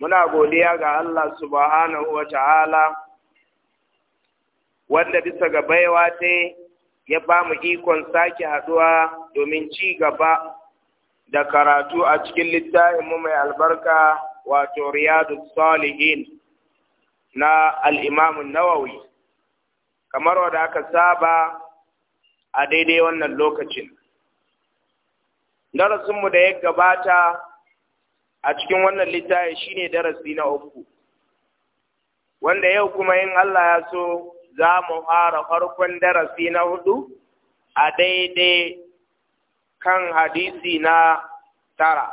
muna godiya ga Allah subhanahu wa ta'ala wanda bisa ga baiwa ta ya ba mu ikon sake haɗuwa domin ci gaba da karatu a cikin littafinmu mai albarka wato riyadu salihin na al'imamun nawawi kamar wadda aka saba a daidai wannan lokacin darasinmu da ya gabata a cikin wannan littafi shine darasi na uku wanda yau kuma in Allah ya so za mu fara farkon darasi na hudu a daidai kan hadisi na tara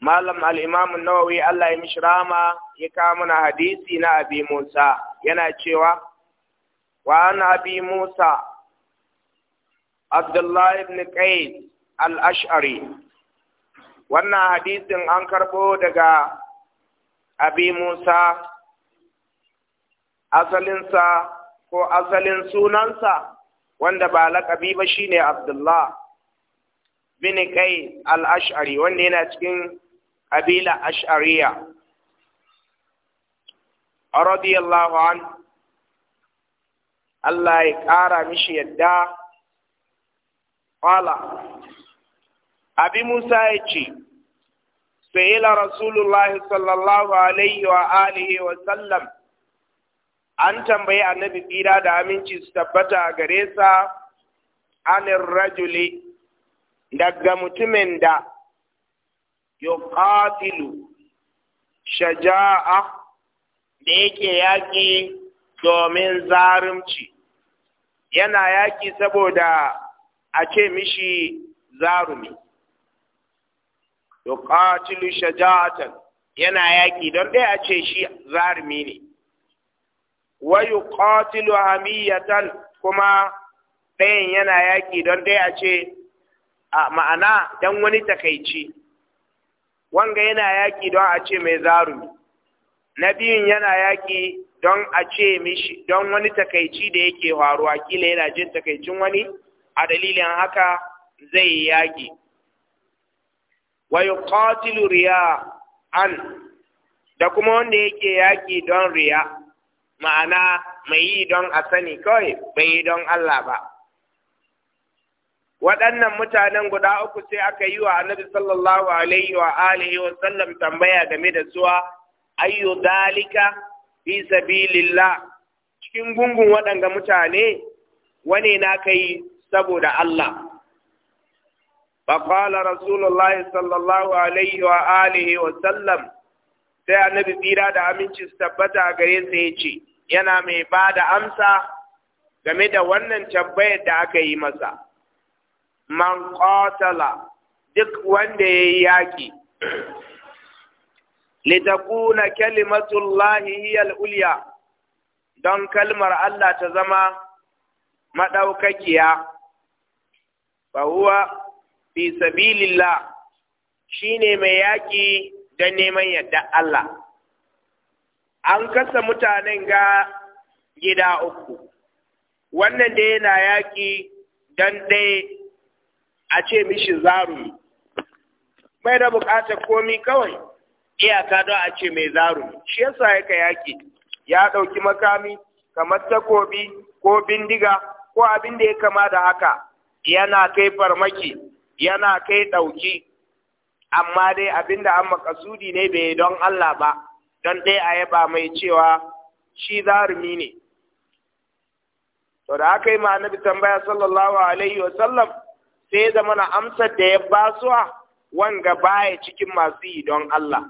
malam al-imam an-nawawi Allah ya mishi rama ya kama mana hadisi na abi Musa yana cewa wa abi Musa Abdullah ibn Qais al-ash'ari wannan hadisin an karɓo daga abi musa asalinsa ko asalin sunansa wanda ba laƙabi ba shine abdullah bin kai al-ash'ari wanda yana cikin ƙabila ash'ariya radiyallahu an Allah ya ƙara mishi yadda ƙwala abi musa ya ce sayila rasulullahi sallallahu alaihi wa alihi wa sallam an tambayi annabi tsira da aminci su tabbata a gare sa anin rajuli daga mutumin da yuqatilu shaja'a da yake yaƙi domin zarumci yana yaƙi saboda a ce mishi zarumi yuqatilu shaja'atan yana yaki don dai a ce shi zarumi ne wa yuqatilu hamiyatan kuma ɗayan yana yaki don dai a ce a ma'ana dan wani takaici wanga yana yaki don a ce mai zarumi na yana yaki don a ce mishi don wani takaici da yake faruwa kila yana jin takaicin wani a dalilin haka zai yaki wa riya, an da kuma wanda yake yaƙi don riya ma'ana mai yi don a sani kawai bai yi don Allah ba waɗannan mutanen guda uku sai aka yi wa annabi sallallahu alaihi wa alihi wa sallam tambaya game da suwa ayyu dalika fi lilla. cikin gungun waɗanga mutane wane na kai saboda Allah فقال رسول الله صلى الله عليه وآله وسلم sai annabi tsira da aminci su tabbata a gare sa ya ce yana mai ba da amsa game da wannan tabbayar da aka yi masa man qatala duk wanda ya yi yaƙi kalimatu llahi hiya ulya don kalmar Allah ta zama madaukakiya fa huwa fi sabilillah shine mai yaƙi da neman yadda Allah an kasa mutanen ga gida uku wannan da yana yaƙi don ɗaya a ce mishi zarumi mai da buƙatar komi kawai iyaka don a ce mai zarumi shi yasa yaka yaƙi ya ɗauki makami kamar takobi ko bindiga ko abin da ya kama da haka yana kai farmaki yana kai ɗauki amma dai abinda an makasudi ne bai don Allah ba don dai a yaba mai cewa shi zarumi ne to da aka yi ma annabi tambaya sallallahu alaihi wa sai zama na amsar da ya basuwa wanga baya cikin masu yi don Allah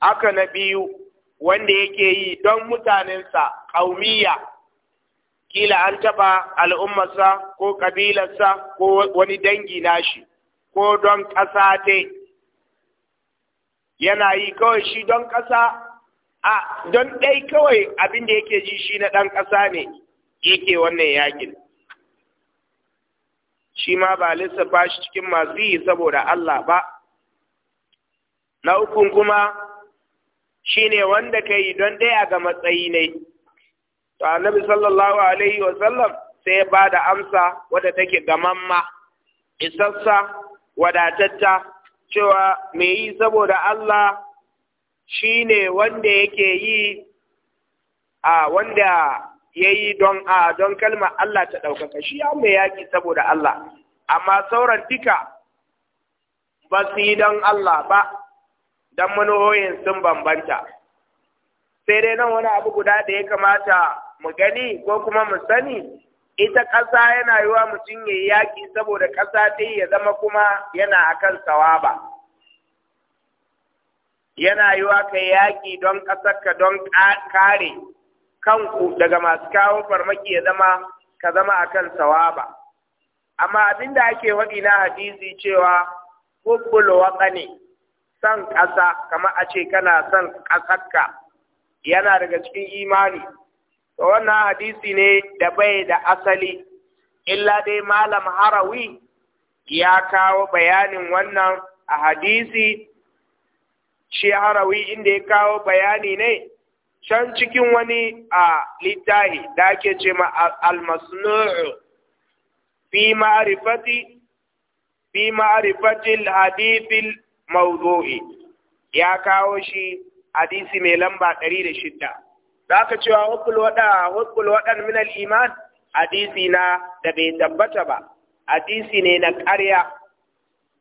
aka na biyu wanda yake yi don mutanensa ƙaumiya kila an taɓa al'ummarsa ko ƙabilarsa ko wani dangi nashi ko don ƙasa te yana yi kawai shi don ƙasa a don ɗai kawai abinda da yake ji shi na ɗan ƙasa ne yake wannan yakin shi ma ba lissafa shi cikin masu yi saboda Allah ba na ukun kuma shi ne wanda ka yi don ɗaya ga matsayi ne to annabi sallallahu alaihi wa sallam sai ya bada amsa wadda take gamamma isassa wadatatta cewa me yi saboda Allah shine wanda yake yi a wanda ya yi don a don kalma Allah ta ɗaukaka shi ya mai yaƙi saboda Allah amma sauran duka ba su yi don Allah ba don manohoyin sun bambanta sai dai nan wani abu guda da ya kamata mu gani ko kuma mu sani ita ƙasa yana yiwa mutum ya yi yaƙi saboda ƙasa dai ya zama kuma yana akan sawaba yana yiwa ka yi yaƙi don ƙasarka don kare kanku daga masu kawo farmaki ya zama ka zama akan sawaba amma abin da ake faɗi na hadisi cewa hubbul ne son ƙasa kamar a ce kana son ƙasarka yana daga cikin imani wannan hadisi ne da bai da asali illa dai malam harawi ya kawo bayanin wannan a hadisi shi harawi inda ya kawo bayani ne can cikin wani a littahi da ake ce ma almasnu'u fi ma'arifati fi mawdu'i ya kawo shi hadisi mai lamba ɗari da 106 da aka cewa hukul wada hukul wadan min al-iman hadisi na da bai tabbata ba hadisi ne na ƙarya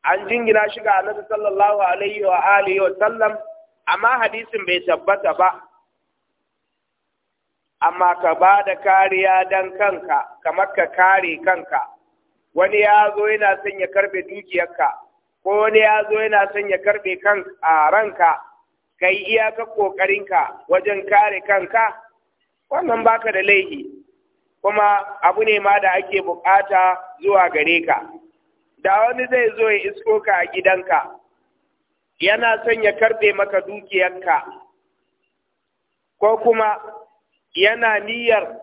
an jingina shi ga Annabi sallallahu alaihi wa alihi wa sallam amma hadisin bai tabbata ba amma ka ba da kariya dan kanka kamar ka kare kanka wani ya zo yana son ya karbe dukiyarka ko wani ya zo yana son ya karbe kan a ranka ka yi iyakar ƙoƙarinka wajen kare kanka wannan baka da laifi kuma abu ne ma da ake buƙata zuwa gare ka da wani zai zo ya isko ka a gidanka yana son ya karɓe maka dukiyarka ko kuma yana niyyar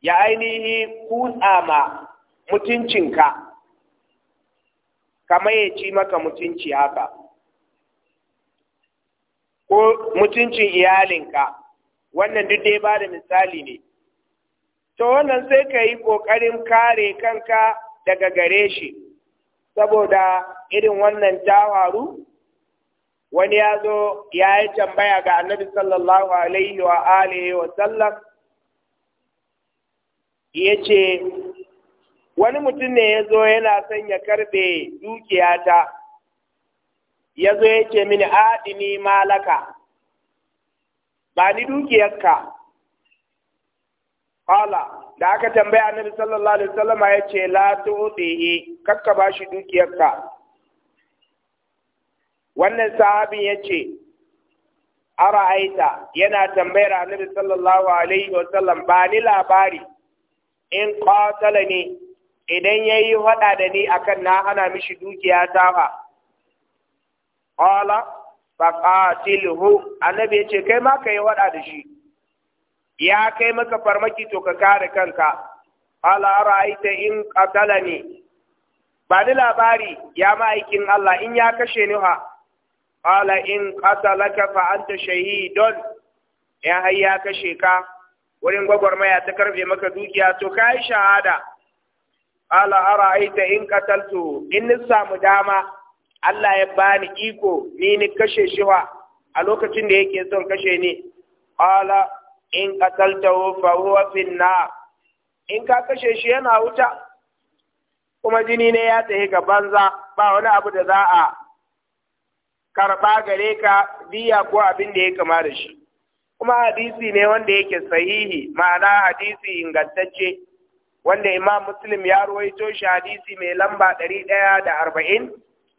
ya ainihi kutsa ma mutuncinka kamar ya ci maka mutunci haka. ko mutuncin iyalinka wannan duk dai ba da misali ne to wannan sai ka yi ƙoƙarin kare kanka daga gare shi saboda irin wannan ta faru wani ya zo ya yi tambaya ga annabi sallallahu alaihi wa alihi wa sallam ya ce wani mutum ne ya zo yana son ya karɓe dukiyata ya zo ya ce mini adini malaka ba ni dukiyarka ƙwala da aka tambaya annabi sallallahu alaihi wasallam ya ce la tu'tihi kakka ba shi dukiyarka wannan sahabin ya ce ara'aita yana tambayar annabi sallallahu alaihi wasallam ba ni labari in ƙwatsala ne idan ya yi haɗa da ni akan na hana mishi dukiya ta ba qala faqatilhu annabi yace kai ma yi waɗa da shi ya kai maka farmaki to ka kare kanka qala ara'aita in ne. ba ni labari ya ma'aikin Allah in ya kashe ni ha qala in qatalaka fa anta don. ya har kashe ka wurin gwagwarmaya ta karfe maka dukiya to yi shahada qala ara'aita in qataltu in samu dama Allah ya bani iko ni ni kashe shi wa a lokacin da yake son kashe ni qala in qataltahu fa huwa finna. in ka kashe shi yana wuta kuma jini ne ya tafi ga banza ba wani abu da za a karba gare ka biya ko abin da ya kama da shi kuma hadisi ne wanda yake sahihi ma'ana hadisi ingantacce wanda imam muslim ya ruwaito shi hadisi mai lamba ɗari ɗaya da arba'in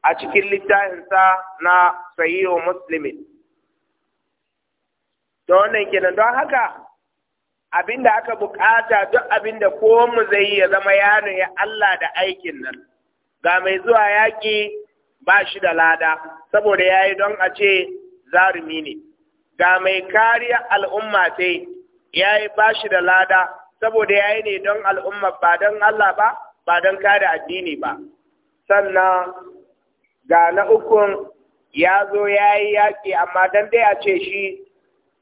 a cikin littafinsa na sahihu muslimin da wannan kenan don haka Abin da aka bukata duk abin abinda mu zai yi ya zama ya ya Allah da aikin nan ga mai zuwa yaki ba shi da lada saboda ya yi don a ce zarumi ne ga mai kariya al'umma sai ya yi ba shi da lada saboda ya yi ne don al'umma ba don Allah ba ba don kare addini ba sannan ga na ukun ya zo ya yi yaƙi amma don dai a ce shi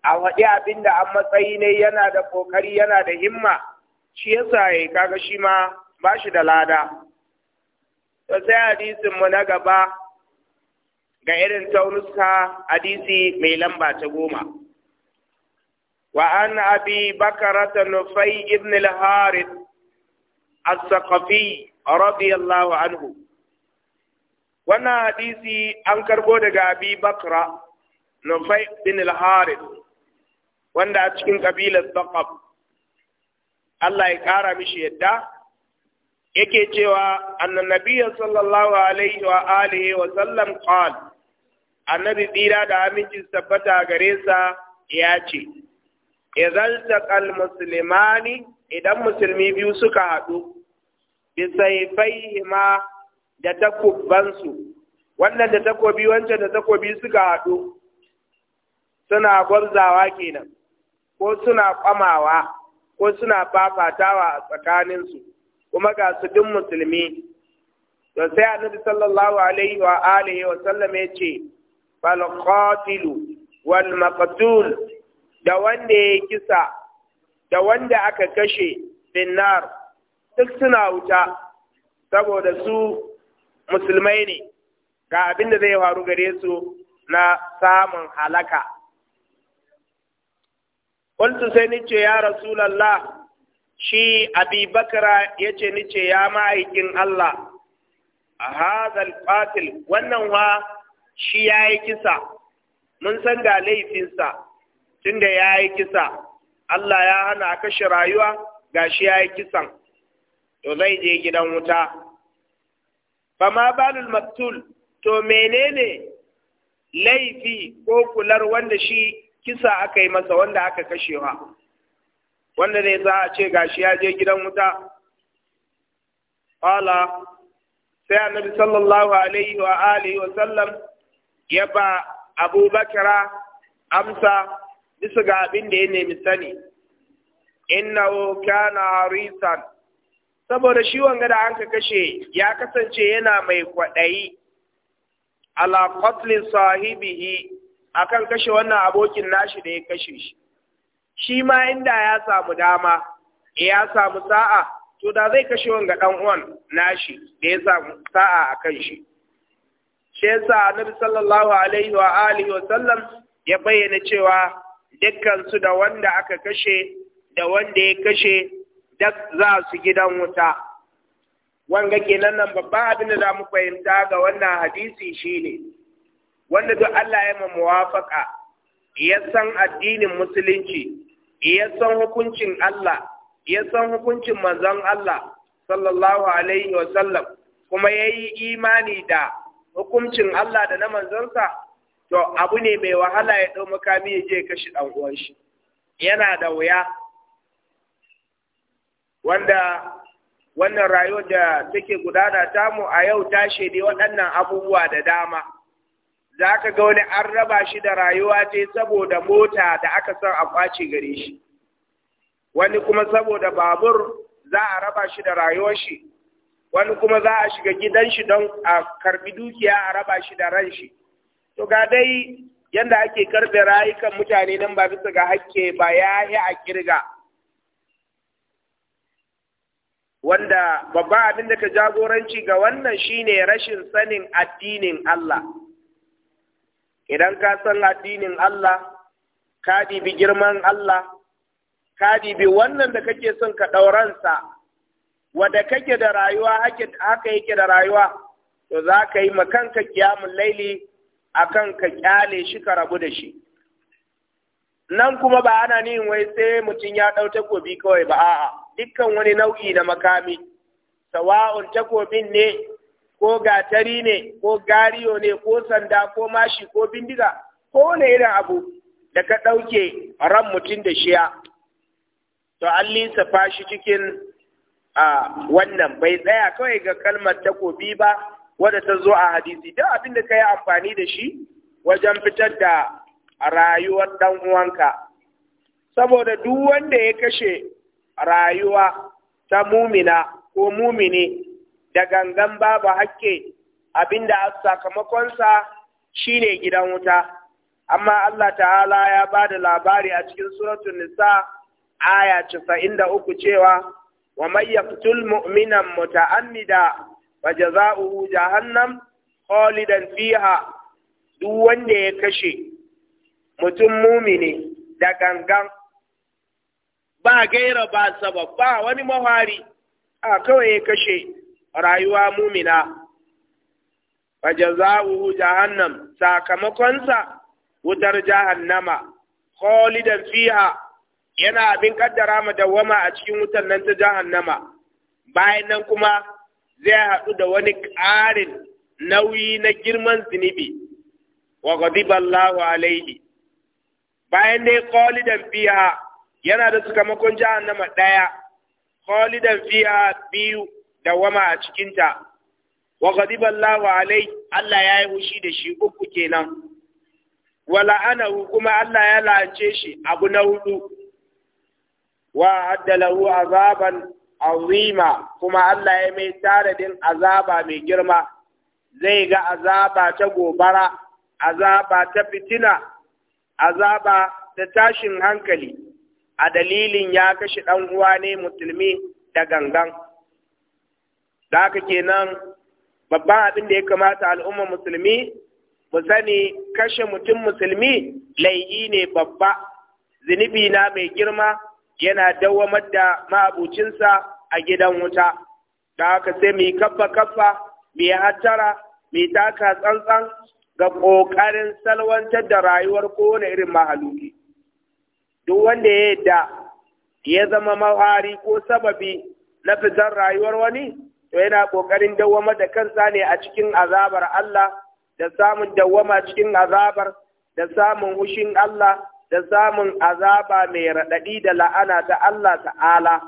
a waɗi abin da an matsayi ne yana da ƙoƙari yana da himma shi yasa ya kaga shi ma ba shi da lada to sai hadisin mu na gaba ga irin taunuska hadisi mai lamba ta goma وعن أبي بكرة نفي بن الحارث الثقفي رضي الله عنه wannan hadisi an karbo daga abi bakra nufai bin al-harith wanda a cikin kabilar saqab Allah ya kara mishi yadda yake cewa annabi sallallahu alaihi wa alihi wa sallam qal annabi tsira da aminci tabbata gare sa ya ce idan taqal muslimani idan musulmi biyu suka haɗu bi sayfaihima da takobansu wannan da takobi wancan da takobi suka haɗu suna gwabzawa kenan ko suna kwamawa ko suna fafatawa a tsakaninsu kuma ga su duk musulmi to sai annabi sallallahu alaihi wa alihi wa sallam ya ce fal qatilu wal maqtul da wanda ya kisa da wanda aka kashe binnar duk suna wuta saboda su musulmai ne ga abin da zai faru gare su na samun halaka Kuntu sai ni ya Rasulallah shi Abi Bakra ya ce ni ya ma'aikin Allah a hazal fatil wannan wa shi ya yi kisa mun san ga laifinsa tunda ya yi kisa Allah ya hana kashe rayuwa ga shi ya yi kisan to zai je gidan wuta ma balul maktul to menene laifi ko kular wanda shi kisa aka yi masa wanda aka kashewa wanda ne za a ce gashi ya je gidan wuta qala sai annabi sallallahu alaihi wa alihi wa sallam ya ba Abubakar amsa bisa ga abin da ya nemi sani innahu kana harisan saboda shi wanga da an kashe ya kasance yana mai kwaɗayi ala qatlin sahibihi akan kashe wannan abokin nashi da ya kashe shi shi ma inda ya samu dama ya samu sa'a to da zai kashe wanga dan uwan nashi da ya samu sa'a akan shi shi yasa annabi sallallahu alaihi wa alihi wa sallam ya bayyana cewa dukkan su da wanda aka kashe da wanda ya kashe duk za su gidan wuta wanga kenan nan babban abin da za mu fahimta ga wannan hadisi shine wanda duk Allah ya ma muwafaka ya san addinin musulunci ya san hukuncin Allah ya san hukuncin manzon Allah sallallahu alaihi wa sallam kuma yayi imani da hukuncin Allah da na manzonsa to abu ne mai wahala ya ɗau makami ya je kashi ɗan uwan shi yana da wuya wanda wannan rayuwar da take gudana mu a yau ta shaidi waɗannan abubuwa da dama za ka ga wani an raba shi da rayuwa ce saboda mota da aka san a kwace gare shi wani kuma saboda babur za a raba shi da rayuwar shi wani kuma za a shiga gidan shi don a karbi dukiya a raba shi da ran shi to ga dai yadda ake karbe rayukan mutane nan ba bisa ga hakke ba ya a kirga wanda babba abin da ka jagoranci ga wannan shine rashin sanin addinin Allah idan ka san addinin Allah ka bi girman Allah ka bi wannan da kake son ka ɗauransa wadda kake da rayuwa haka yake da rayuwa to za ka yi makanka kiyamun laili akan ka kyale shi ka rabu da shi nan kuma ba ana nin wai sai mutum ya ɗau takobi kawai ba a'a dukkan wani nau'i na makami sawa'un takobin ne ko gatari ne ko gariyo ne ko sanda ko mashi ko bindiga ko wani irin abu da ka ɗauke ran mutum da shiya to an lissafa fashi cikin a wannan bai tsaya kawai ga kalmar takobi ba wadda ta zo a hadisi duk abin da ka yi amfani da shi wajen fitar da rayuwar ɗan uwanka saboda duk wanda ya kashe rayuwa ta mumina ko mumini da gangan babu hakke abinda a sakamakonsa shine gidan wuta amma Allah ta'ala ya ba da labari a cikin suratun nisa aya casa'in da uku cewa wa may yaqtul mu'minan muta'ammida wa jazaohu jahannam khalidan fiha duk wanda ya kashe mutum mumini da gangan ba gaira ba sabab ba wani mahari a kawai ya kashe rayuwa mumina wa jazaohu jahannam sakamakonsa wutar jahannama khalidan fiha yana abin kaddara madawwama a cikin wutar nan ta jahannama bayan nan kuma zai haɗu da wani ƙarin nauyi na girman zunubi wa ghadiba Allahu alaihi bayan dai khalidan fiha yana da sakamakon Nama ɗaya khalidan fiya biyu da wama a cikinta wa ghadiba lawa alai Allah ya yi hushi da shi uku kenan wa la'anahu kuma Allah ya la'ance shi abu na hudu wa addalahu azaban azima kuma Allah ya mai taradin azaba mai girma zai ga azaba ta gobara azaba ta fitina azaba ta tashin hankali a dalilin ya kashe ɗan uwa ne musulmi da gangan da haka kenan babban abin da ya kamata al'umma musulmi mu sani kashe mutum musulmi laifi ne babba zunubi na mai girma yana dawamar da ma'abucinsa a gidan wuta da haka sai mu yi kaffa kaffa mu yi hattara mu yi taka tsantsan ga ƙoƙarin salwantar da rayuwar kowane irin mahaluki duk wanda ya yadda ya zama mawari ko sababi na fitar rayuwar wani to yana ƙoƙarin dawwama da kansa ne a cikin azabar Allah da samun dawwama cikin azabar da samun hushin Allah da samun azaba mai raɗaɗi da la'ana ta Allah ta'ala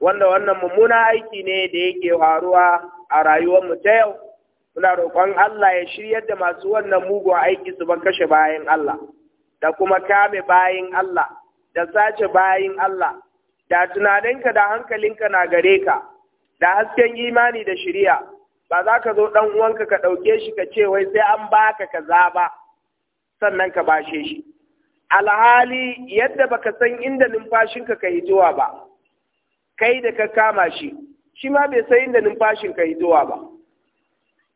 wanda wannan mummuna aiki ne da yake faruwa a rayuwar mu ta yau muna roƙon Allah ya shiryar da masu wannan mugun aiki su ban kashe bayan Allah da kuma kame bayin Allah da sace bayin Allah da tunaninka da hankalinka na gare ka da hasken imani da shirya, ba za ka zo ɗan uwanka ka ɗauke shi ka ce wai sai an baka kaza ba sannan ka bashe shi alhali yadda baka san inda numfashinka ka hitowa ba kai da ka kama shi shi ma bai san inda numfashinka hitowa ba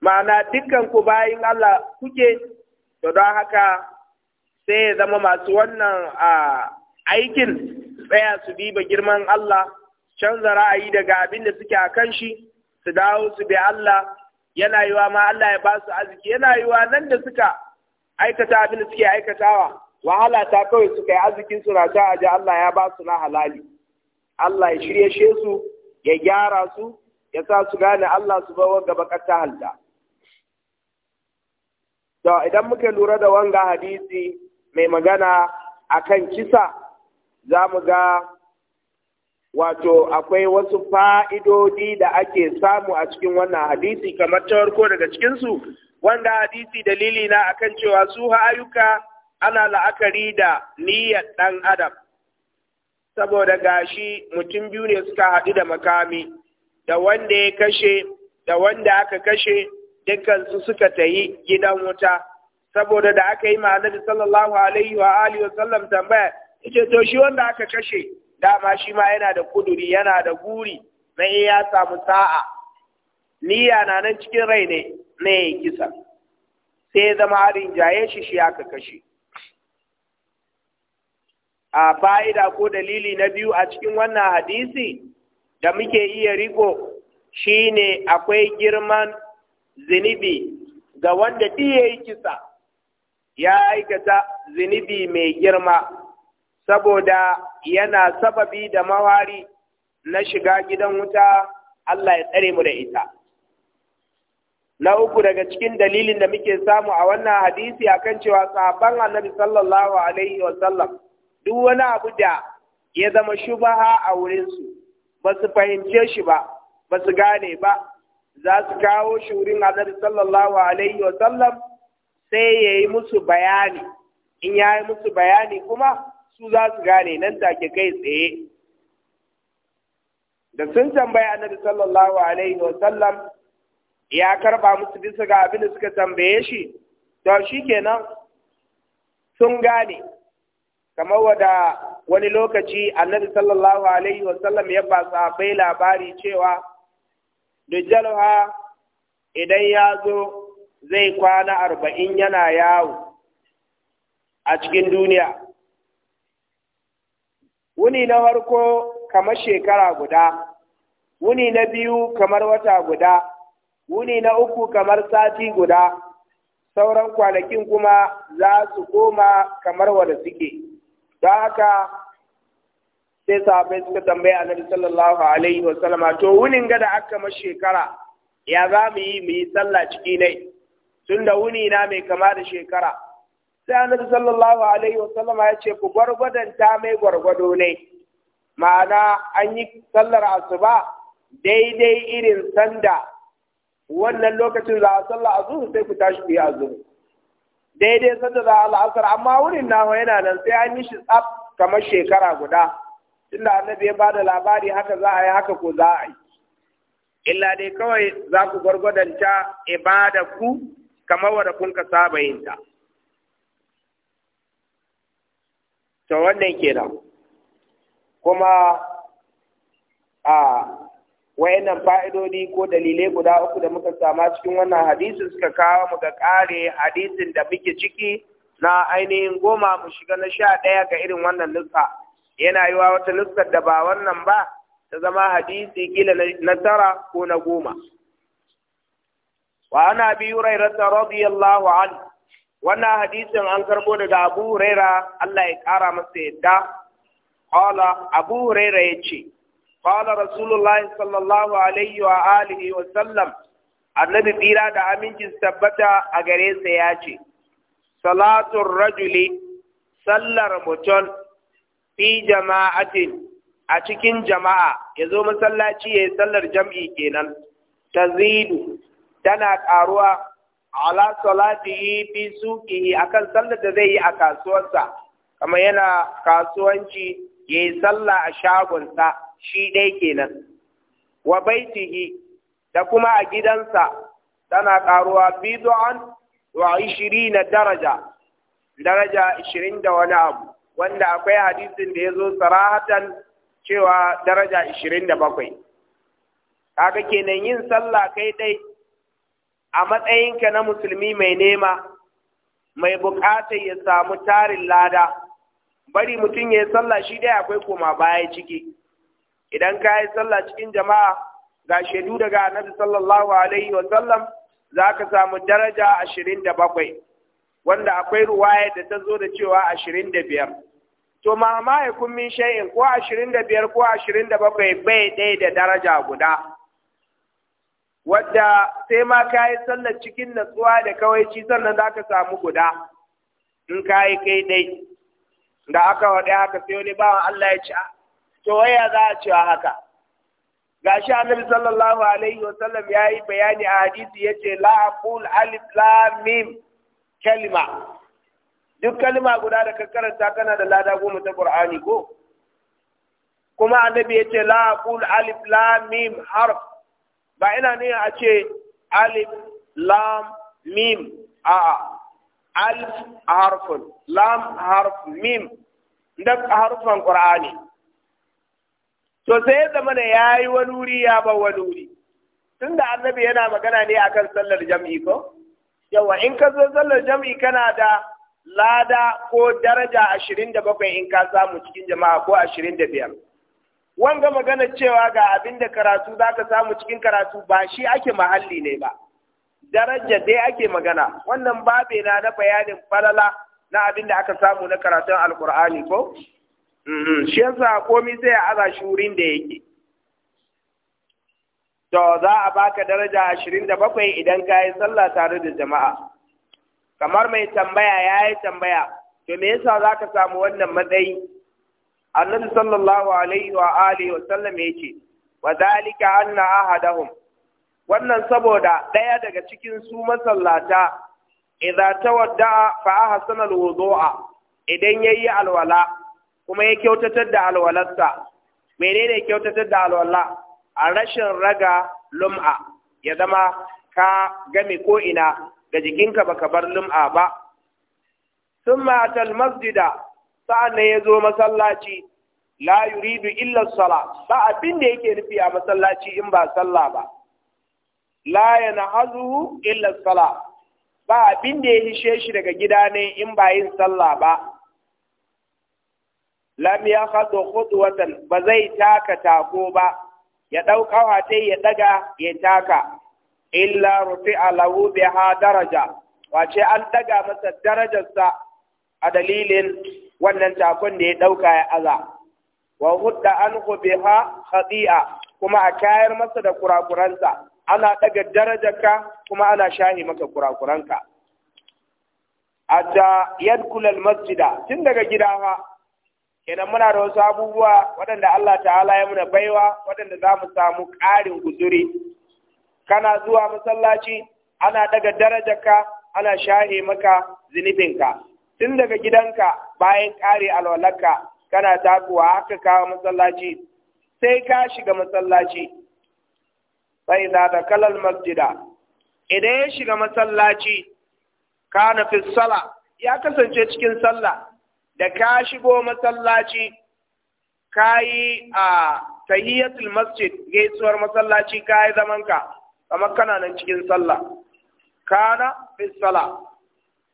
ma'ana dukkan ku bayin Allah kuke da don haka sai ya zama masu wannan aikin tsaya su biba girman Allah canza ra'ayi daga abin da suke a kan shi su dawo su bi Allah yana yiwa ma Allah ya ba su arziki yana yiwa nan da suka aikata abin da suke aikatawa wahala ta kawai suka yi arzikin su na ta aji Allah ya ba su na halali Allah ya shirye she su ya gyara su ya sa su gane Allah su bar gaba bakar halta Da idan muka lura da wanga hadisi mai magana a kan kisa za mu ga wato akwai wasu fa'idodi da ake samu a cikin wannan hadisi kamar ta farko daga cikinsu wanda hadisi dalili na akan cewa su ha'ayuka? ana la'akari da niyyar ɗan adam saboda gashi mutum biyu ne suka haɗu da makami da wanda ya kashe da wanda aka kashe dukansu suka tayi gidan wuta saboda da aka yi ma sallallahu alaihi wa alihi wa sallam tambaya yace to shi wanda aka kashe dama shi ma yana da kuduri yana da guri na ya samu sa'a niyya na nan cikin rai ne ne kisa sai zama harin jaye shi shi aka kashe a fa'ida ko dalili na biyu a cikin wannan hadisi da muke iya riko shine akwai girman zinibi ga wanda ɗiye kisa ya aikata zunubi mai girma saboda yana sababi da mawari na shiga gidan wuta Allah ya tsare mu da ita. Na uku daga cikin dalilin da muke samu a wannan hadisi a kan cewa sahabban annabi sallallahu alaihi sallam duk wani abu da ya zama shubaha a wurinsu ba su fahimce shi ba, ba su gane ba, za su kawo shi wurin annabi sallallahu alaihi sallam sai ya yi musu bayani in ya yi musu bayani kuma su za su gane nan take kai tsaye da sun tambaya annabi sallallahu alaihi wa ya karba musu bisa ga abin da suka tambaye shi to shi nan. sun gane kamar wada wani lokaci annabi sallallahu alaihi wa ya ba bai labari cewa dujjalha idan ya zo zai kwana arba'in yana yawo a cikin duniya wuni na farko kamar shekara guda wuni na biyu kamar wata guda wuni na uku kamar sati guda sauran kwanakin kuma za su koma kamar wanda suke Za haka sai sabai suka tambaye annabi sallallahu alaihi wasallama to wunin gada aka shekara. ya za mu yi mu yi sallah ciki nai. Tunda da wuni na mai kama da shekara sai annabi sallallahu alaihi wasallama ya ce ku gwargwadanta mai gwargwado ne ma'ana an yi sallar asuba daidai irin sanda wannan lokacin za a sallar azhar sai ku tashi ku yi azhar daidai sanda za a la'asar amma wurin nawa yana nan sai an yi shi tsaf kamar shekara guda tunda annabi ya bada labari haka za a yi haka ko za a yi illa dai kawai za ku gwargwadanta ibada ku kamar wadda kun ka saba yin ta to wannan kenan kuma a wayannan fa'idodi ko dalilai guda uku da muka sama cikin wannan hadisin suka kawo mu ga kare hadisin da muke ciki na ainihin goma mu shiga na sha ɗaya ga irin wannan nuska yana yiwa wata nuskar da ba wannan ba ta zama hadisi kila na tara ko na goma wa ana bi hurairah radiyallahu anhu wannan hadisin an karbo daga Abu Huraira Allah ya kara masa yadda qala Abu Huraira yace qala Rasulullah sallallahu alaihi wa alihi wa sallam annabi tsira da amincin tabbata a gare sa yace Salatun rajuli sallar mutum fi jama'atin a cikin jama'a yazo masallaci yayi sallar jam'i kenan tazidu tana ƙaruwa ala salatihi fi suqihi akan sallar da zai yi a kasuwarsa kamar yana kasuwanci yi sallah a shagonsa shi dai kenan wa baitihi da kuma a gidansa tana ƙaruwa du'an wa 20 daraja daraja 20 da wani abu wanda akwai hadisin da ya zo sarahatan cewa daraja 27 kaga kenan yin sallah kai dai a matsayinka na musulmi mai nema mai bukatar ya samu tarin lada bari mutum ya yi sallah shi dai akwai koma baya ciki idan ka yi sallah cikin jama'a ga shaidu daga annabi sallallahu alaihi wa sallam za ka samu daraja ashirin da bakwai wanda akwai ruwaya da ta zo da cewa ashirin da biyar to ma ma ya kun shay'in ko ashirin da biyar ko ashirin da bakwai bai ɗaya da daraja guda wadda sai ma ka yi sallar cikin natsuwa da kawaici sannan za ka samu guda in ka yi kai dai da aka waɗe haka sai wani bawan Allah ya ci ah, to waya za a cewa haka gashi annabi sallallahu alaihi wa sallam ya yi bayani a hadisi ya ce la aqul alif lam mim kalima duk kalima guda da ka karanta kana da lada goma ta qur'ani ko kuma annabi ya ce la aqul alif lam mim harf ba ina ne a ce alif lam mim a'a alif harfun lam harf mim duk harfan qur'ani to sai zama da yayi wani wuri ya ba wani wuri tunda annabi yana magana ne akan sallar jam'i ko yawa in ka zo sallar jam'i kana da lada ko daraja 27 in ka samu cikin jama'a ko 25 wanga magana cewa ga abin da karatu za ka samu cikin karatu ba shi ake mahalli ne ba darajar dai ake magana wannan babe na na bayanin falala na abin da aka samu na karatun alkur'ani ko mm-hmm. shi yasa komai sai a aza shi wurin da yake to za a baka daraja ashirin da bakwai idan ka yi sallah tare da jama'a kamar mai tambaya ya yi tambaya to me yasa za ka samu wannan matsayi annabi sallallahu alaihi wa alihi wa sallam yake wa dalika anna ahadahum wannan saboda daya daga cikin su masallata idza tawadda fa ahsana alwudu'a idan yayi alwala kuma ya kyautatar da alwalarsa menene kyautatar da alwala a rashin raga lum'a ya zama ka game ko ina ga jikinka baka bar lum'a ba thumma atal masjida sa'an ya zo masallaci la yuridu illa sala ba abin da yake nufi a masallaci in ba sallah ba la hazu illa sala ba abin da ya hishe shi daga gida ne in ba yin sallah ba lam ya hudu watan, ba zai taka tako ba ya ɗauka watai ya daga ya taka illa a lahu ha daraja wace an daga masa darajarsa a dalilin wannan takon da ya ɗauka ya aza wa hudda an ha khati'a kuma a kayar masa da kurakuransa ana ɗaga darajarka kuma ana shahi maka kurakuranka A ta yadkula masjida tun daga gida ha kenan muna da wasu abubuwa waɗanda Allah ta'ala ya muna baiwa waɗanda za mu samu ƙarin guzuri kana zuwa masallaci ana daga darajarka ana shahi maka zunubinka tun daga gidanka bayan ƙare alwalarka kana takuwa haka kawo masallaci sai ka shiga masallaci sai na da kalal masjida idan ya shiga masallaci ka nufi sala ya kasance cikin sallah da ka shigo masallaci ka yi a tahiyatul masjid gaisuwar masallaci ka yi zamanka kamar kana cikin sallah kana fi sala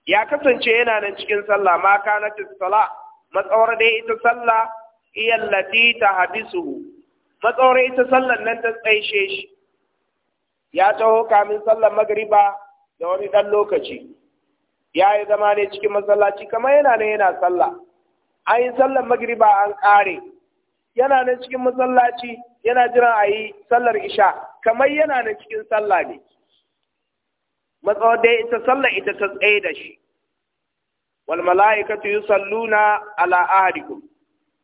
ya kasance yana nan cikin sallah ma kanatis sala matsawar dai ita sallah iya lati ta habisu matsawar ita sallah nan ta tsaishe shi ya taho kamin sallar magriba da wani dan lokaci ya yi zama ne cikin masallaci kamar yana nan yana sallah an yi sallar magriba an kare yana nan cikin masallaci yana jiran a sallar isha kamar yana nan cikin sallah ne matsawar dai ita sallar ita ta tsaye da shi wal mala'ikatu yusalluna ala ahadikum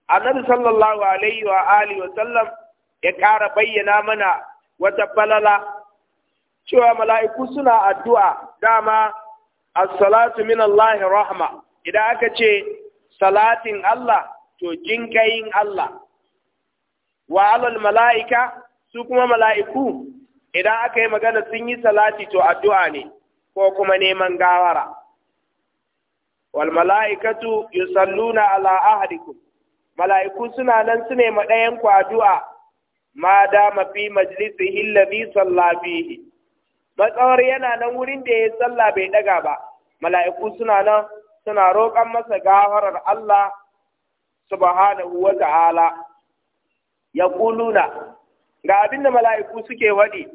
annabi sallallahu alaihi wa alihi wa sallam ya ƙara bayyana mana wata falala cewa mala'iku suna addu'a dama as-salatu min Allah rahma idan aka ce salatin Allah to jinkayin Allah wa alal mala'ika su kuma mala'iku idan aka yi magana sun yi salati to addu'a ne ko kuma neman gawara wal mala'ikatu yusalluna ala ahadikum mala'iku suna nan su nema ɗayan ku addu'a ma dama fi majlisihi alladhi salla bihi. matsawar yana nan wurin da ya yi salla bai ɗaga ba mala'iku suna nan suna roƙon masa gawarar Allah subhanahu wa ta'ala yaquluna ga abin da mala'iku suke waɗi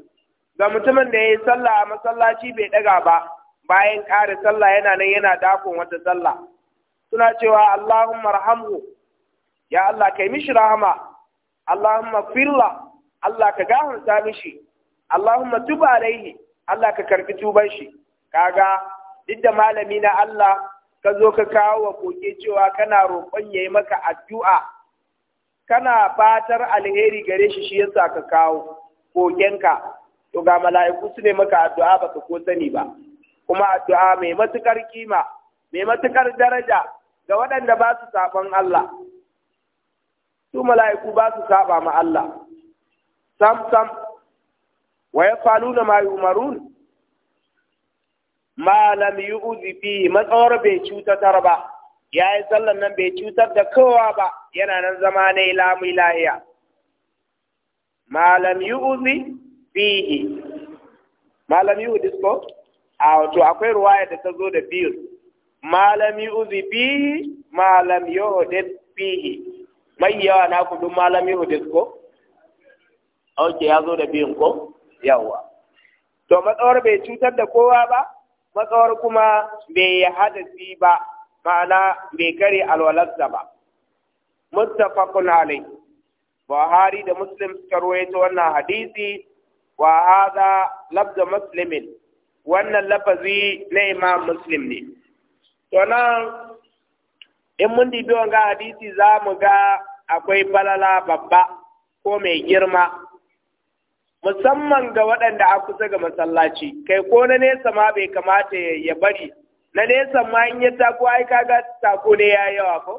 ga mutumin da ya yi sallah a masallaci bai ɗaga ba bayan ƙara sallah yana nan yana dakon wata sallah suna cewa Allahumma rahamhu ya Allah kai mishi rahama Allahumma firla Allah ka gafarta mishi Allahumma tuba alaihi Allah ka karbi tuban shi kaga duk da malami na Allah ka zo ka kawo wa koke cewa kana roƙon yayi maka addu'a kana fatar alheri gare shi shi yasa ka kawo kokenka to ga mala'iku su ne maka addu'a ba ka ko sani ba kuma addu'a mai matukar kima mai matukar daraja ga waɗanda ba su saban Allah su mala'iku ba su saba ma Allah sam sam wa na ma yumarun ma lam yu'zi fi matsawar bai cuta ba ya yi sallan nan bai cutar da kowa ba yana nan zama na lamu ilahiya malam yi uzi fihi malam yi uzi ko a wato akwai ruwaya da ta zo da biyu malam yi uzi fihi malam yi uzi fihi mai yawa na kudu malam yi uzi ko ok ya zo da biyun ko yawa to matsawar bai cutar da kowa ba matsawar kuma bai hadasi ba ma'ana bai kare alwalarsa ba muttafaqun alai buhari da muslim suka rawaito wannan hadisi wa hadha lafz muslimin wannan lafazi na imam muslim ne to nan in mun dibi wanga hadisi za mu ga akwai balala babba ko mai girma musamman ga waɗanda a kusa ga masallaci kai ko na nesa ma bai kamata ya bari na nesa ma in ya tako ai kaga tako ne ya yi yawa ko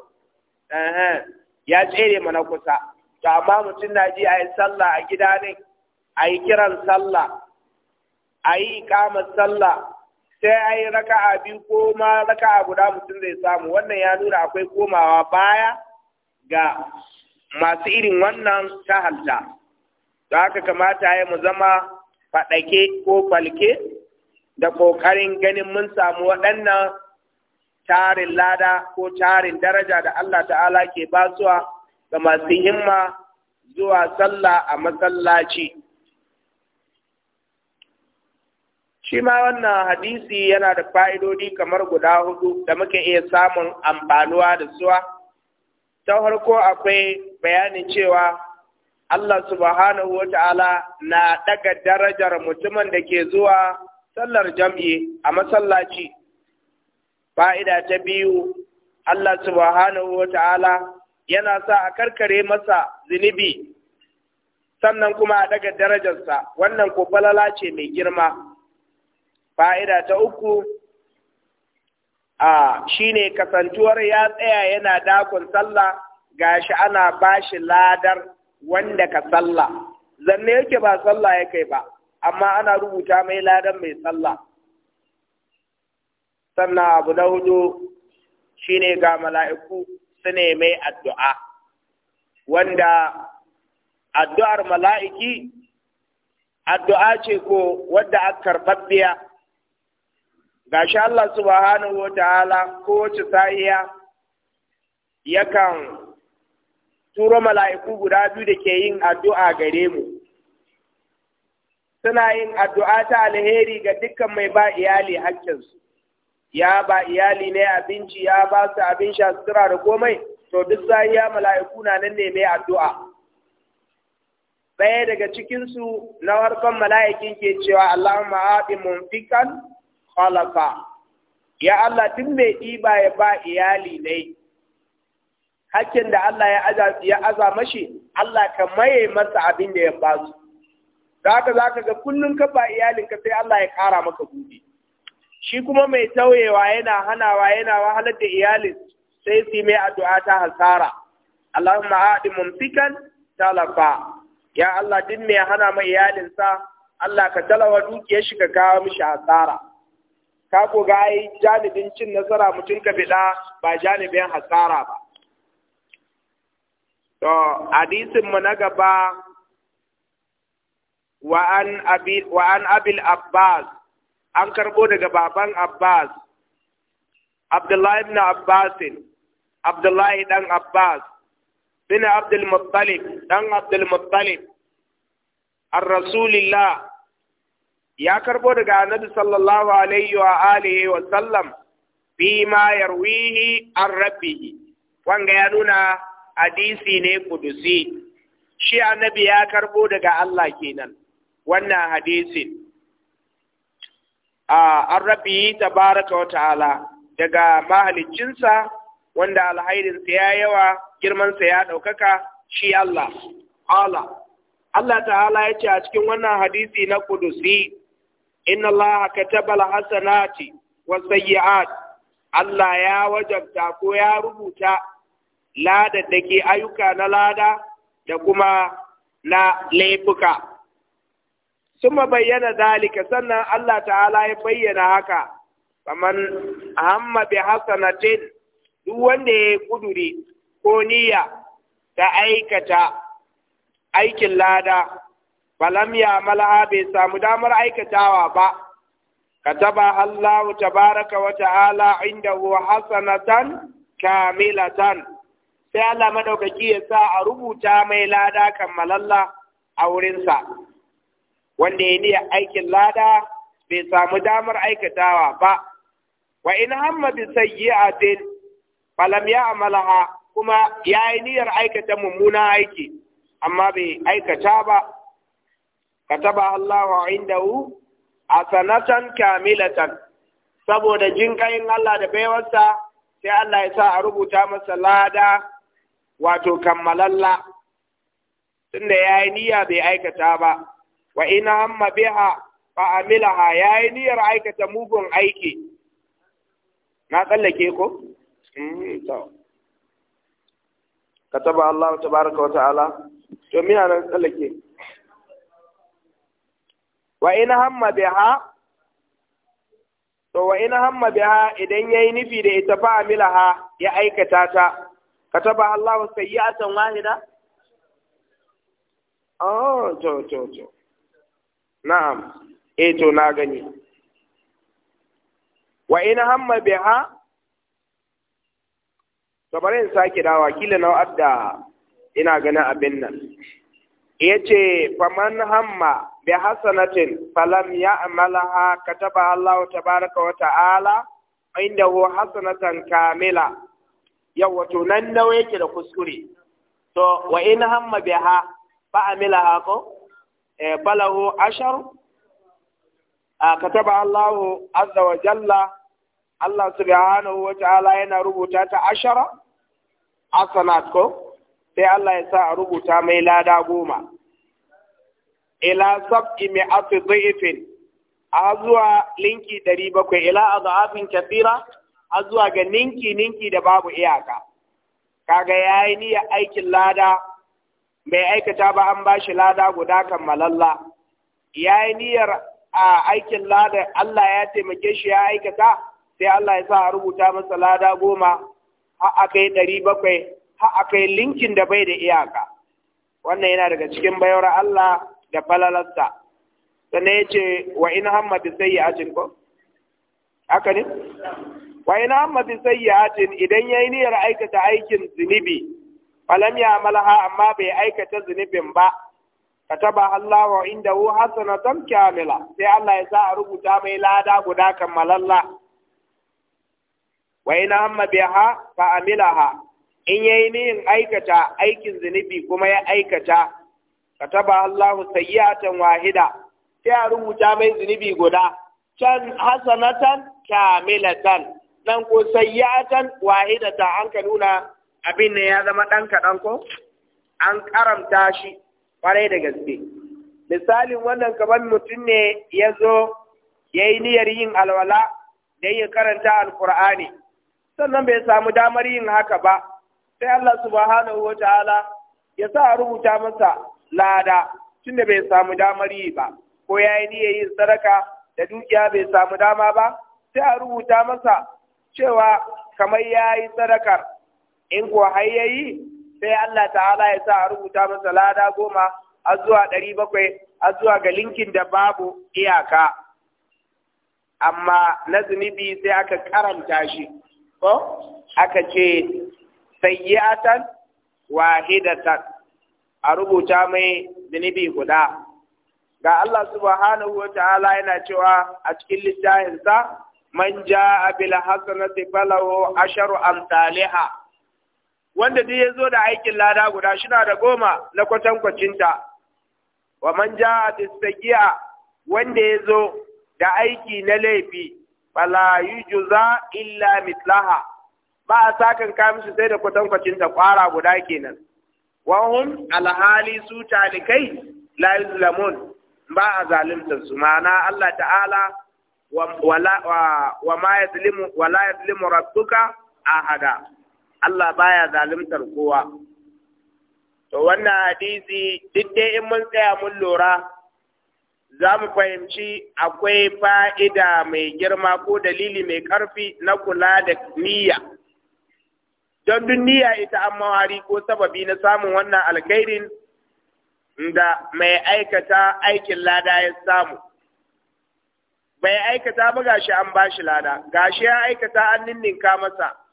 ya tsere mana kusa to amma mutum na ji a yi sallah a gida ne a yi kiran sallah a yi sallah sai a yi raka'a biyu ko ma raka'a guda mutum zai samu wannan ya nuna akwai komawa baya ga masu irin wannan ta halta. Da haka kamata ya mu zama faɗake ko falke da ƙoƙarin ganin mun samu waɗannan tarin lada ko tarin daraja da Allah ta'ala ke basuwa ga masu himma zuwa sallah a masallaci. Shi ma wannan hadisi yana da fa'idodi kamar guda hudu da muke iya samun amfanuwa da suwa. Ta farko akwai bayanin cewa Allah subhanahu wa ta'ala na ɗaga darajar mutumin da ke zuwa sallar jam'i a masallaci fa'ida ta biyu Allah subhanahu wa ta'ala yana sa a karkare masa zunubi sannan kuma a daga darajarsa wannan ko falala ce mai girma fa'ida ta uku a shine kasantuwar ya tsaya yana dakon sallah gashi ana bashi ladar wanda ka sallah zanne yake ba sallah ya kai ba amma ana rubuta mai ladan mai sallah sannan abu na hudu shine ga mala'iku su ne mai addu'a wanda addu'ar mala'iki addu'a ce ko wadda aka Ga shi Allah subhanahu wa ta'ala kowace sahiya yakan turo mala'iku guda biyu da ke yin addu'a gare mu suna yin addu'a ta alheri ga dukkan mai ba iyali hakkinsu, ya ba iyali ne abinci ya ba su abin sha sutura da komai to duk sahiya mala'iku na nan ne mai addu'a ɗaya daga cikinsu na farkon mala'ikin ke cewa Allahumma aɗi munfikan halafa, ya Allah duk mai ɗiba ya ba iyali ne hakkin da Allah ya aza mashi Allah ka maye masa abin da ya ba su da haka za ka ga kullum ka ba iyalinka sai Allah ya ƙara maka buɗe shi kuma mai tauyewa yana hanawa yana wahalar da iyalin sai su mai addu'a ta hasara Allahumma a'di mumsikan talafa ya Allah din mai hana mai iyalinsa Allah ka talawa dukiyar shi ka kawo mishi hasara ka ko ga ai janibin cin nasara mutum ka fiɗa ba janibin hasara ba to hadisin mu na gaba Wa'an أبي Abbas, an karbo daga baban Abbas, Abdullahi ibn Abbasin, Abdullahi ɗan Abbas, bin Abdulmuttalib, ɗan Abdulmuttalib, an Rasulillah, ya karbo daga Annabi sallallahu alaihi wa alihi wa sallam, bi ma yarwihi an rabbihi, wanga ya nuna hadisi ne kudusi, shi Annabi ya karbo daga Allah kenan. wannan hadisin a arrabi tabaraka wa ta'ala daga mahalicinsa wanda alhairinsa ya yawa girmansa ya ɗaukaka shi Allah Allah Allah ta'ala ya ce a cikin wannan hadisi na kudusi inna Allah katabal hasanati was Allah ya wajabta ko ya rubuta lada da ke ayyuka na lada da kuma na laifuka ثم بين ذلك سنة الله تعالى يبين هكا فمن أهم بحسنة duk wanda ya kuduri ko niyya ta aikata aikin lada falam ya malaha bai samu damar aikatawa ba kataba Allahu tabaraka wa ta'ala indahu hasanatan tan sai Allah madaukaki ya sa a rubuta mai lada kammalalla a wurinsa. wanda ya niyyar aikin lada bai samu damar aikatawa ba wa in hamma bi sayyi'atin falam ya'malaha kuma ya yi niyyar aikata mummuna aiki amma bai aikata ba kataba Allahu a asanatan kamilatan saboda jinkayin Allah da baiwarsa sai Allah ya sa a rubuta masa lada wato kammalalla tunda ya yi niyya bai aikata ba wa ina hamma biha fa amilaha yayi niyyar aikata mugun aiki na tsallake ko eh, to kataba Allah tabaraka wa ta'ala to mina nan tsallake wa in hamma biha to wa ina hamma biha idan yayi nufi da ita fa amilaha ya aikata ta kataba Allah sayyi'atan wahida oh to to to na'am eh to na gani wa ina hamma biha ha? in sake dawa kila na wa'adda ina ganin abin nan yace faman hamma bi hasanatin falam ya'malaha kataba Allah tabaraka wa ta'ala indahu hasanatan kamila Yau wato nan nawa yake da kuskure to wa ina hamma biha fa amilaha ko Eh, balahu ashar a kataba Allah azza wa jalla Allah subhanahu wa ta'ala yana rubuta ta ashara asanat ko sai Allah ya sa a rubuta mai lada goma ila mai mi'ati dhifin a zuwa linki ɗari bakwai ila a za'afin kafira a zuwa ga ninki ninki da babu iyaka kaga yayi niyyar aikin lada Mai aikata ba an ba shi lada guda kammalalla ya yi niyyar a aikin lada Allah ya taimake shi ya aikata sai Allah ya sa a rubuta masa lada goma har aka ɗari bakwai har aka linkin da bai da iyaka wannan yana daga cikin bayar Allah da falalarsa sannan ya ce wa in sai ya ajin ko haka ne wa in sai ya ajin idan yi niyyar aikata aikin zunubi falam ya malaha amma bai aikata zunubin ba kataba Allah wa hu hasanatan kamila sai Allah ya sa a rubuta mai lada guda kammalalla wa ina amma biha fa amilaha in yayi in aikata aikin zunubi kuma ya aikata kataba Allah sayyatan wahida sai a rubuta mai zunubi guda can hasanatan kamilatan nan ko sayyatan wahidatan an ka nuna abin ne ya zama ɗan kaɗan ko an karamta shi kwarai da gaske misalin wannan kamar mutum ne ya zo ya yi niyyar yin alwala da ya karanta alkur'ani sannan bai samu damar yin haka ba sai Allah subhanahu wa ta'ala ya sa rubuta masa lada tunda bai samu damar yi ba ko ya yi niyyar yin sadaka da dukiya bai samu dama ba sai a rubuta masa cewa kamar ya yi sadakar in ko har yayi sai Allah ta'ala ya sa a rubuta masa lada goma har zuwa ɗari bakwai har zuwa ga linkin da babu iyaka amma na zunubi sai aka karanta shi ko aka ce sayyi'atan wahidatan a rubuta mai zunubi guda ga Allah subhanahu wa ta'ala yana cewa a cikin sa, man ja'a bil hasanati falahu asharu amsalihah wanda duk ya zo da aikin lada guda shina da goma na kwatankwacinta wa man jaa wanda ya zo da aiki na laifi fala yujza illa mitlaha ba a sakan ka musu sai da kwatankwacinta kwara guda kenan wa hum alhali su talikai la yuzlamun ba a zalunta su mana Allah ta'ala wa ma yazlimu wala la rabbuka ahada Allah baya zaluntar kowa to wannan hadisi duk dai in mun tsaya mun lura za mu fahimci akwai fa'ida mai girma ko dalili mai ƙarfi na kula da niyya don duk niyya ita an mawari ko sababi na samun wannan alkhairin da mai aikata aikin lada ya samu bai aikata ba gashi an bashi lada gashi ya aikata an ninninka masa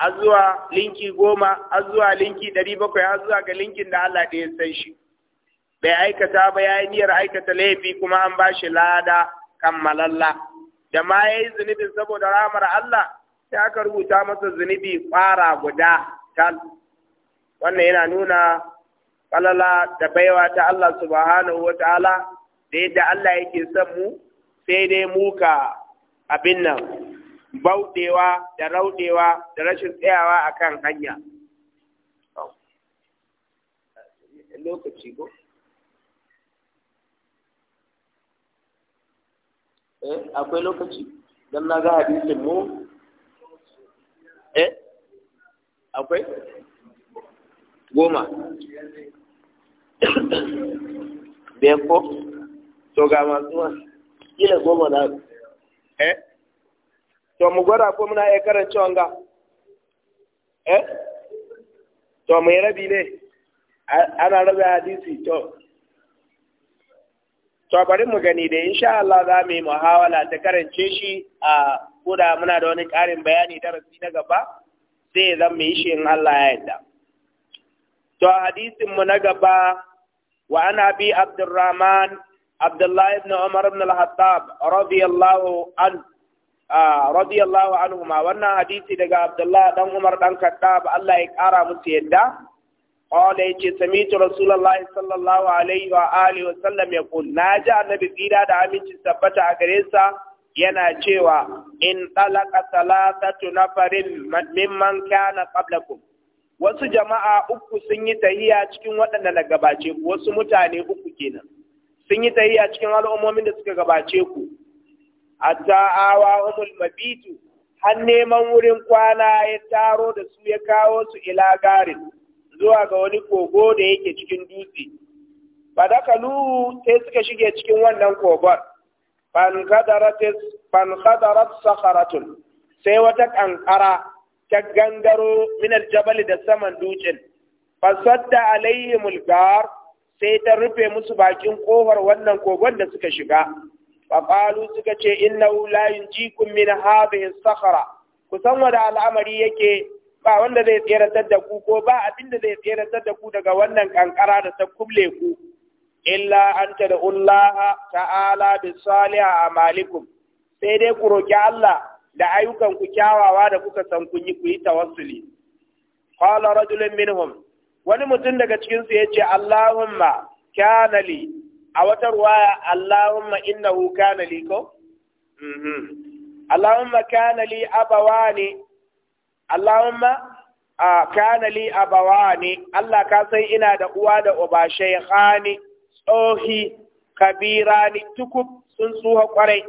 har zuwa linki goma har linki ɗari bakwai har zuwa ga linkin da Allah ɗaya san shi bai aikata ba ya yi niyyar aikata laifi kuma an ba shi lada kammalalla da ma ya yi zunubin saboda ramar Allah sai aka rubuta masa zunubi fara guda tal wannan yana nuna falala da baiwa ta Allah subhanahu wa ta'ala da yadda Allah yake son mu sai dai muka abin nan bauɗewa da raudewa da rashin tsayawa a kan hanya. Lokaci ko? Eh, akwai lokaci? Don na ga hadisin mu? Eh, akwai? Goma. Biyan ko? To ga masu wasu, kila goma na. Eh? to mu gwada ko muna iya karanta wanga eh to mai rabi ne ana rabi hadisi to to bari mu gani da insha Allah za mu yi muhawala ta karance shi a koda muna da wani karin bayani darasi na gaba sai zan mu yi shi in Allah ya yarda to hadisin mu na gaba wa ana bi abdurrahman abdullahi ibn umar ibn al-hattab radiyallahu anhu Ah, radiyallahu anhuma wannan hadisi daga Abdullah dan Umar dan Khattab Allah ya kara musu yadda qala yace sami'tu rasulullahi sallallahu alaihi wa alihi wa sallam Na naji annabi tsira da aminci tabbata a gare sa yana cewa in talaqa salatatu nafarin mimman kana qablakum wasu jama'a uku sun yi tahiya cikin waɗanda na gabace ku wasu mutane uku kenan sun yi tahiya cikin al'ummomin da suka gabace ku hatta awa umul mabitu har neman wurin kwana ya taro da su ya kawo su ila garin zuwa ga wani kogo da yake cikin dutse ba da kalu sai suka shige cikin wannan kogon fankadarat sakharatun sai wata kankara ta gangaro min aljabal da saman dutsen fasadda alaihimul gar sai ta rufe musu bakin kofar wannan kogon da suka shiga faƙalu suka ce innahu la yunjikum min hadhihi ku kusan wada al'amari yake ba wanda zai tseratar da ku ko ba abinda zai tseratar da ku daga wannan kankara da ta kuble ku illa an ta da Allah ta'ala bi saliha amalikum sai dai ku roki Allah da ayyukan ku kyawawa da kuka san kun yi ku yi tawassuli qala rajulun minhum wani mutum daga cikin su yace Allahumma kana li a wata ruwaya Allahumma innahu kana li ko mhm. Allahumma kana li abawani Allahumma kana li abawani Allah ka sai ina da uwa da uba shaykhani tsohi kabirani tukub sun tsuha kwarai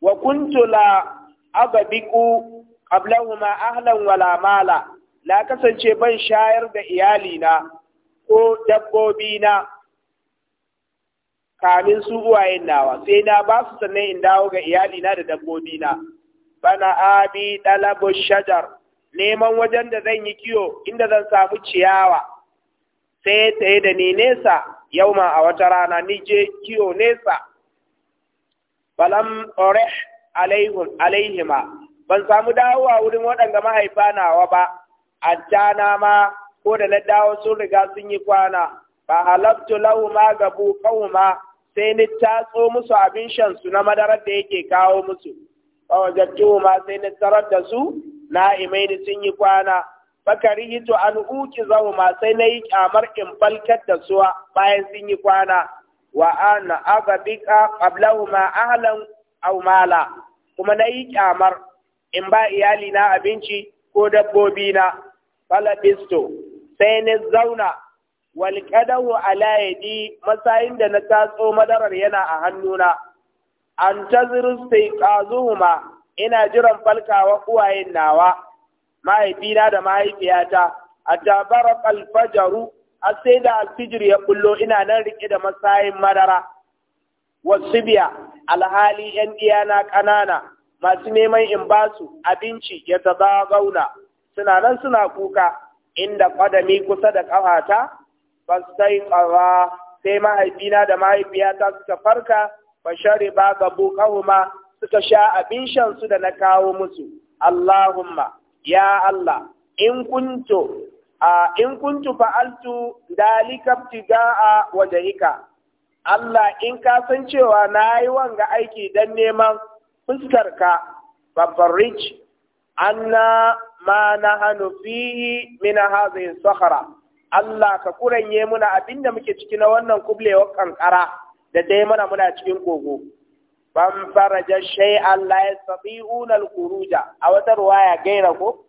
wa kuntu la agabiku qablahuma ahlan wala mala la kasance ban shayar da iyalina ko dabbobina kamin su uwayen nawa sai na ba su sannan in dawo ga iyalina da dabbobina bana abi dalabu shajar neman wajen da zan yi kiyo inda zan samu ciyawa sai tsaye da ni nesa yauma a wata rana ni je kiyo nesa balam oreh alaihima ban samu dawowa wurin waɗanda mahaifa nawa ba jana ma ko da na dawo sun riga sun yi kwana ba halabtu lahu ma gabu kauma sai ni tatso musu abin shan su na madarar da yake kawo musu fa wajattu ma sai ni tarar da su na imaini sun yi kwana bakari hito an uki zau ma sai na yi kyamar in falkar da suwa bayan sun yi kwana wa ana bika qablahu ma ahlan aw mala kuma na yi kyamar in ba iyali na abinci ko dabbobi na Bisto sai na zauna walƙadahu ala yadi masayin da na tatso madarar yana a hannuna an taziru sai ƙazuhuma ina jiran falkawa uwayen nawa mahaifina da mahaifiyata a tabarar alfajaru a sai da alfijir ya kullo ina nan rike da masayin madara wasu biya alhali ‘yan iyana ƙanana masu neman in basu abinci ya taɓa gauna suna nan suna kuka inda ƙwadami kusa da ƙafata fastaiqara sai mahaifina da mahaifiyata suka farka fashari ba ga buƙahuma suka sha abin shan su da na kawo musu Allahumma ya Allah in kuntu a in kuntu fa'altu dalika ibtiga'a wajhika Allah in ka san cewa nayi wanga aiki dan neman fuskar ka rich anna ma nahanu fihi min hadhihi sakhara Allah ka kuranye muna abinda muke ciki na wannan kublewar kankara da dai mana muna cikin kogo ban faraja Allah ya sabi unal kuruja. a wata ruwaya gaira ko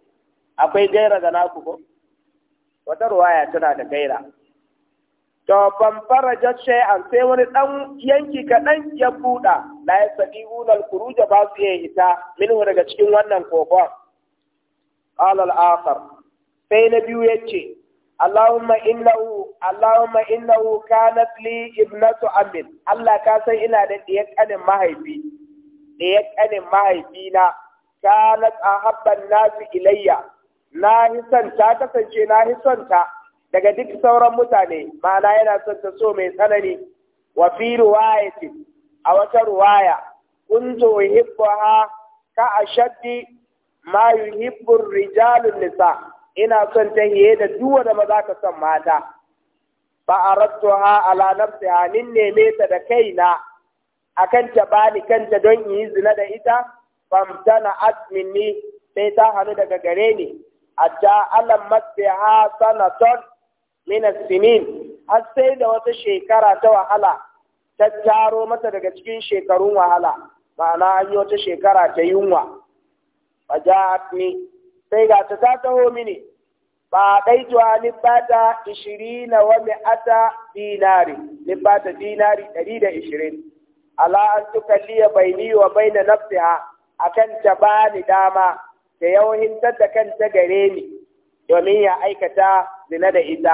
akwai gaira da naku ko wata ruwaya tana da gaira to ban faraja an sai wani dan yanki kaɗan ya buɗa la sabi unal kuruja ba su iya ita minhu daga cikin wannan kogon qala al sai na biyu ce. اللهم إنه اللهم إنه كانت لي ابنة عم الله كاسن إنا ديك أنا ما هيبي ديك أنا ما هيبينا كانت أحب الناس إلي ناهسن تاتا سنشي ناهسن تا daga duk sauran mutane ma'ana yana son ta so mai tsanani wa fi ruwayati a wata ruwaya kuntu ha? ka ashaddi ma yuhibbu rijalun nisa' ina son ta yi da duwa da za ka son mata ba a ha ala nafsi nin neme ta da kaina akan ta bani kanta don in yi zina da ita famtana asmini sai ta hannu daga gare ni A ta alam masiha sanaton min sinin har sai da wata shekara ta wahala ta taro mata daga cikin shekarun wahala ma'ana an yi wata shekara ta yunwa Ba ni sai ga ta ta taho mini ba dai jiwa libata 20 wa mi'ata dinari libata dinari 120 ala an tukalliya baini wa baina nafsiha akan ta bani dama ta ta da ta gare ni domin ya aikata zina da ita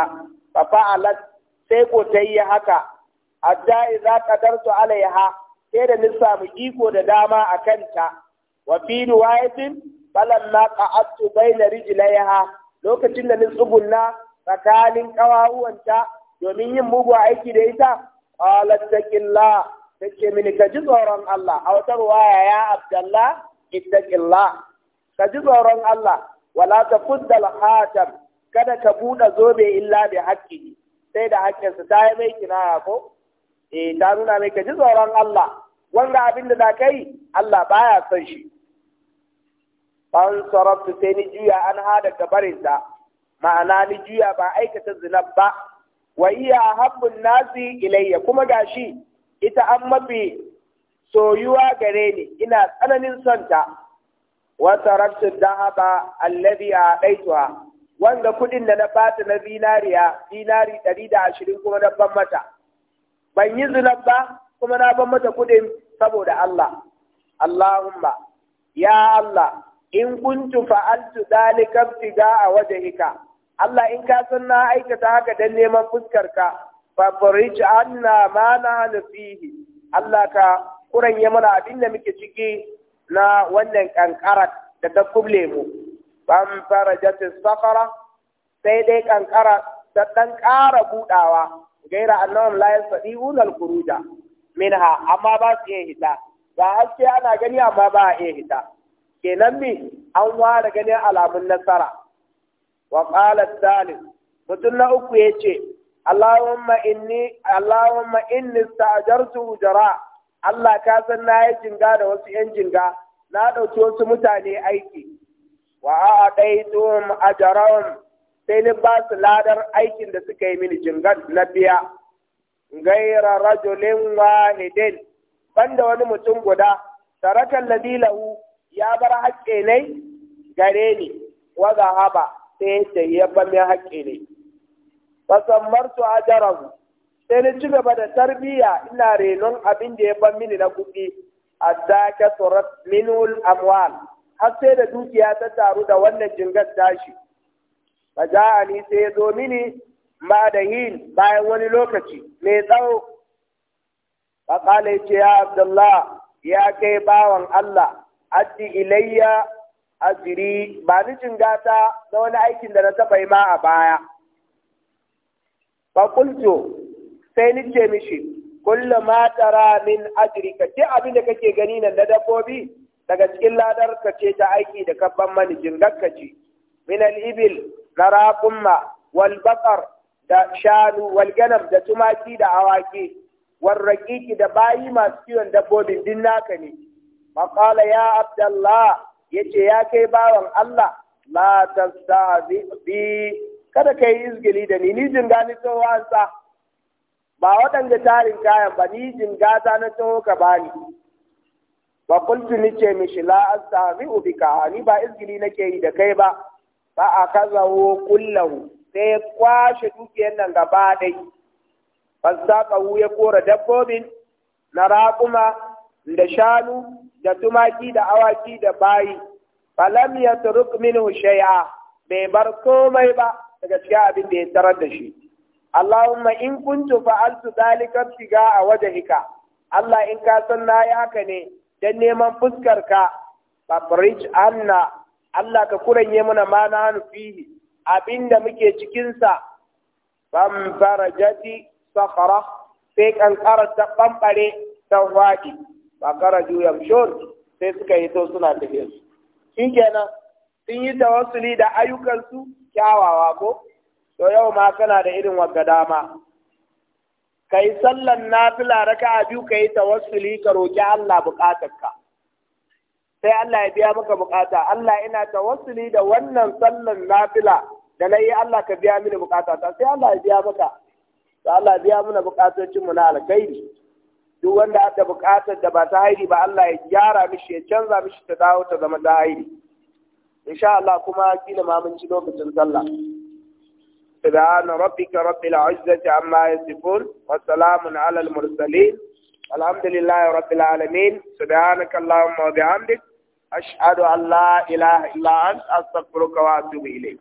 fa fa'alat sai ko ta yi haka hatta idza qadartu alaiha sai da ni samu iko da dama a ta. wa fi riwayatin bai na bayna layaha, lokacin da ni tsugunna tsakanin ƙawawuwanta domin yin mugu aiki da ita qalat ta take mini ka ji tsoron Allah a wata ruwaya ya abdallah ittaqilla ka ji tsoron Allah wala tafudda al-khatam kada ka buɗe zobe illa bi haƙƙi sai da haƙƙinsa ta yi mai kinaya ko eh ta nuna mai ka ji tsoron Allah wanda abin da za ka yi Allah baya son shi ban sarabtu sai ni juya an hada sa ma'ana ni juya ba aikata zinab ba wa iya habbun nasi ilayya kuma gashi ita an mafi soyuwa gare ni ina tsananin sonta wa sarabtu dahaba alladhi a'daituha wanda kudin da na bata na zinariya zinari 120 kuma na ban mata ban yi zinab ba kuma na ban mata kudin saboda Allah Allahumma ya Allah in kuntu fa'altu dalika a wajhika Allah in ka san na aikata haka dan neman fuskarka fa farij anna ma na fihi Allah ka ya mana abin da muke ciki na wannan kankara da ta kuble mu bam farajat sakara sai dai kankara ta dan ƙara budawa gaira annahum la yastati'una al-khuruja minha amma ba su iya hita ba haske ana gani amma ba a iya hita kenan mi an ware ganin alamun nasara wa qala salis mutum na uku yace Allahumma inni Allahumma inni sa'jartu ujara Allah ka san na yi jinga da wasu yan jinga na ɗauki wasu mutane aiki wa a ɗaitum sai ni ba su ladar aikin da suka yi mini jingan na biya gaira rajulin wahidin banda wani mutum guda tarakan ladilahu ya bar haƙƙe ne gare ni waza haba sai ta ya ba min haƙƙe ne fasammar su ajarahu sai ni ci gaba da tarbiyya ina renon abin da ya ban mini na kuɗi A zaƙe kasurat minul amwal har sai da dukiya ta taru da wannan jingar tashi ni sai ya zo mini ma da yin bayan wani lokaci mai tsawo faƙalai ce ya abdullah ya kai bawan allah addi ilayya ajiri ba ni gata na wani aikin da na taɓa yi ma a baya fakulto sai ni ce mishi kullu ma tara min ajiri ka ce abin da kake gani nan na dabbobi daga cikin ladar ka ce ta aiki da kabban mani jingarka ce min al-ibil na raƙumma wal da shanu wal ganam da tumaki da awaki warraƙiƙi da bayi masu kiwon dabbobi din naka ne faƙala ya abdullah ya ce ya kai bawan Allah la bi kada ka yi izgili da ni ni gani ni wansa ba waɗanda tarin kayan ba ni jin ta na taho ka bani wa kultu ni ce mishi la ubi bika ni ba izgili nake yi da kai ba Ba fa akazahu kullahu sai kwashe dukiyar nan gaba dai fasaqahu ya kora dabbobin na raƙuma da shanu da tumaki da awaki da bayi falam turuk minhu shay'a bai bar komai ba daga cikin abin da ya tarar da shi Allahumma in kuntu fa'altu dhalika tiga a wajhika Allah in ka san nayi haka ne dan neman fuskar ka fabrij anna Allah ka kuranye mana ma na muke fihi abinda muke cikinsa bambarajati sakhara sai kankara ta bambare ta wadi ba kara juyam shor sai suka yi to suna tafiya su shi kenan sun yi tawassuli da ayyukansu kyawawa ko to yau ma kana da irin wagga dama kai sallan nafila raka'a biyu kai tawassuli ka roki Allah bukatarka sai Allah ya biya maka bukata Allah ina tawassuli da wannan sallan nafila da na yi Allah ka biya mini bukata sai Allah ya biya maka sai Allah ya biya mana bukatocin mu na alkhairi duk wanda ada buƙatar da ba ta haidi, ba Allah ya gyara mishi ya canza mishi ta dawo ta zama ta hairi insha Allah kuma kila ma mun ci lokacin sallah سبحان ربك رب العزة عما يصفون وسلام على المرسلين الحمد لله رب العالمين سبحانك اللهم وبحمدك أشهد أن لا إله إلا أنت أستغفرك وأتوب إليك